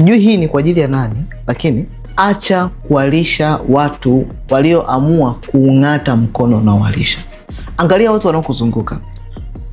Sijui hii ni kwa ajili ya nani, lakini acha kuwalisha watu walioamua kuung'ata mkono unaowalisha. Angalia watu wanaokuzunguka.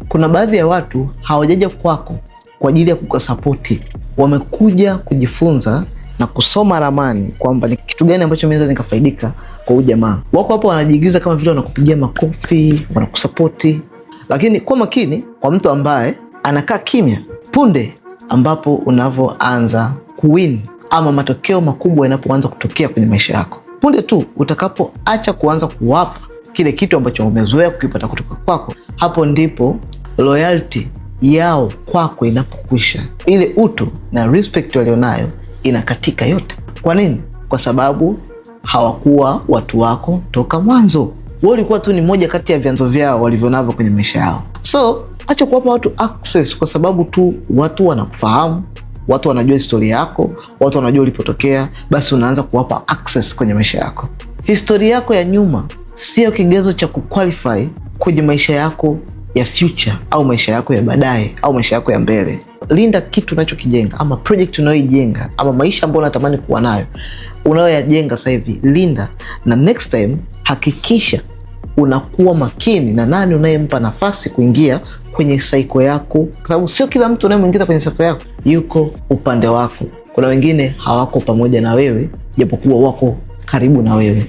Kuna baadhi ya watu hawajaja kwako kwa ajili ya kukasapoti, wamekuja kujifunza na kusoma ramani kwamba ni kitu gani ambacho naweza nikafaidika kwa jamaa. wako. Hapo wanajiigiza kama vile wanakupigia makofi, wanakusapoti, lakini kwa makini, kwa mtu ambaye anakaa kimya punde ambapo unavyoanza kuwin ama matokeo makubwa yanapoanza kutokea kwenye maisha yako, punde tu utakapoacha kuanza kuwapa kile kitu ambacho umezoea kukipata kutoka kwako, hapo ndipo loyalty yao kwako inapokwisha, ile utu na respect walionayo inakatika yote. Kwa nini? Kwa sababu hawakuwa watu wako toka mwanzo. Wewe ulikuwa tu ni moja kati ya vyanzo vyao walivyonavyo kwenye maisha yao. So acha kuwapa watu access kwa sababu tu watu wanakufahamu, watu wanajua historia yako, watu wanajua ulipotokea, basi unaanza kuwapa access kwenye maisha yako. Historia yako ya nyuma sio kigezo cha kuqualify kwenye maisha yako ya future au maisha yako ya baadaye au maisha yako ya mbele. Linda kitu unachokijenga ama project unayoijenga ama maisha ambayo unatamani kuwa nayo unayoyajenga sasa hivi, linda, na next time hakikisha unakuwa makini na nani unayempa nafasi kuingia kwenye saiko yako, kwa sababu sio kila mtu unayemwingiza kwenye saiko yako yuko upande wako. Kuna wengine hawako pamoja na wewe, japokuwa wako karibu na wewe.